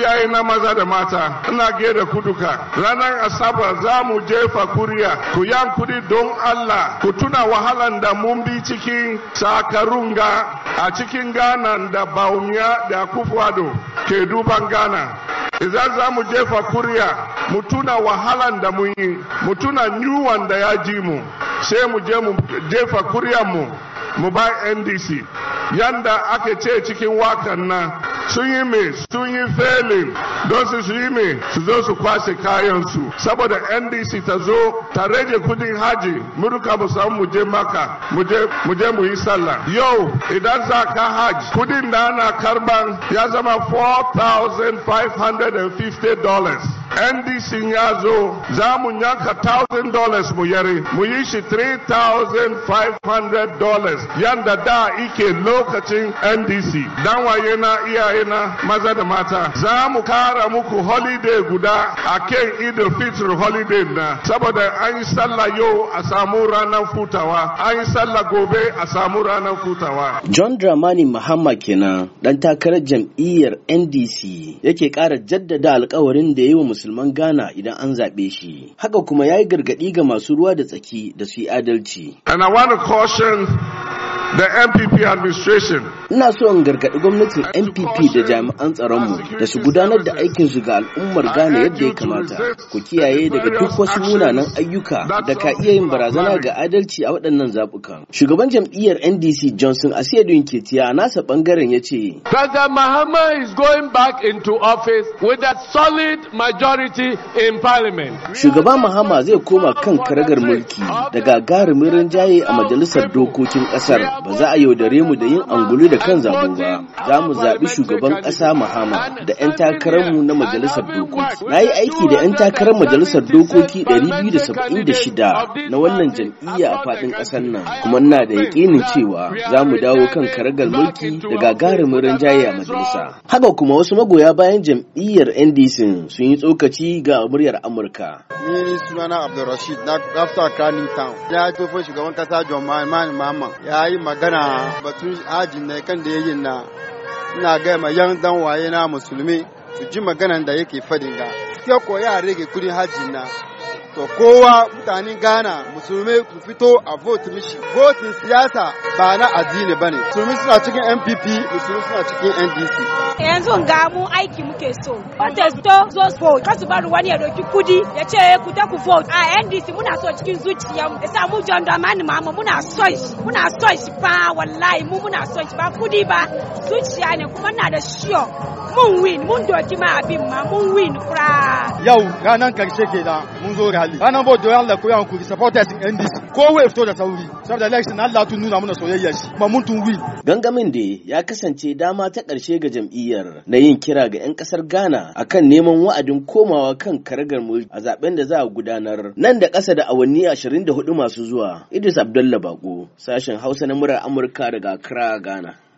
iyaye na maza da mata ina ge da ku ranar asabar za mu jefa kuriya ku kudi don allah ku tuna wahalan da mun bi cikin sakarunga a cikin ghana da baumiya da kufuado ke duban ghana idan za mu jefa kuriya mu tuna wahalan da mun yi mu tuna nyuwan da ya ji mu sai mu je mu jefa kuriyan mu mu ba ndc yanda ake ce cikin wakan nan sun yi me sun yi felin don su su me su zo su kwashe kayansu saboda ndc ta zo ta rage kudin haji muruka mu samu mu je maka mu je mu yi sallah yau idan za ka haji kudin da ana karban ya zama $4,550 ndc ya zo za mu yanka $1,000 mu yare mu yi shi dollars yanda da ike lokacin ndc dan waye na iyaye na maza da mata za mu kara muku holiday guda a kan idil fitr holiday na saboda an yi sallah yau a samu ranar futawa an yi sallah gobe a samu ranar futawa john dramani muhammad kenan dan takarar jam'iyyar ndc yake kara jaddada alkawarin da yi wa musulman Ghana idan an zaɓe shi. Haka kuma ya yi gargaɗi ga masu ruwa da tsaki da su yi adalci. And I want to caution the MPP administration ina so in gargaɗi gwamnatin npp da jami'an tsaron mu da su gudanar da aikin su ga al'ummar ghana yadda ya kamata ku kiyaye daga duk wasu munanan ayyuka da ka iya yin barazana ga adalci a waɗannan zabukan. shugaban jam'iyyar ndc johnson asiyadu ketiya a nasa ɓangaren ya ce president mahama is going back into office with a solid majority in parliament Shugaban mahama zai koma kan karagar mulki da gagarumin rinjaye a majalisar dokokin ƙasar ba za a yaudare mu da yin angulu da kan zaben ba za mu zaɓi shugaban ƙasa Mahama da 'yan takararmu na majalisar dokoki na yi aiki da 'yan takarar majalisar dokoki 276 na wannan jam'iyya a faɗin ƙasar nan kuma na da yaƙinin cewa za mu dawo kan karagar mulki da gagarumin rinjaye a majalisa haka kuma wasu magoya bayan jam'iyyar NDC sun yi tsokaci ga muryar Amurka. Ni sunana Abdulrashid na Kanin Town. Ya shugaban kasa John Mahama ya yi magana batun ajin na kan da yayin na ina ga ma yan dan waye na musulmi su ji maganan da yake fadin ga sai ko ya rage kudin hajji na to kowa mutanen Ghana musulmi ku fito a vote mishi votin siyasa ba na addini bane musulmi suna cikin NPP musulmi suna cikin NDC yanzu ga mu aiki muke so voters to zo vote kasu bari wani ya doki kudi ya ce eh, ku ta ku vote a NDC muna so cikin zuciya mu sa mu John Dramani mama muna so shi muna so shi fa wallahi mu muna so shi ba kudi ba zuciya ne kuma na da shiyo mun win mun doki ma abin ma mun win kura yau ranar karshe ke da mun zo rali ranar bo don da koyan kuri supporters in NDC ko wai fito da sauri saboda election Allah tun nuna mana soyayya shi kuma mun tun wi gangamin da ya kasance dama ta karshe ga jam'iyyar na yin kira ga 'yan kasar Ghana akan neman wa'adin komawa kan karagar mulki a zaben da za a gudanar nan da ƙasa da awanni 24 masu zuwa Idris Abdullahi Bako sashen Hausa na murar Amurka daga Accra Ghana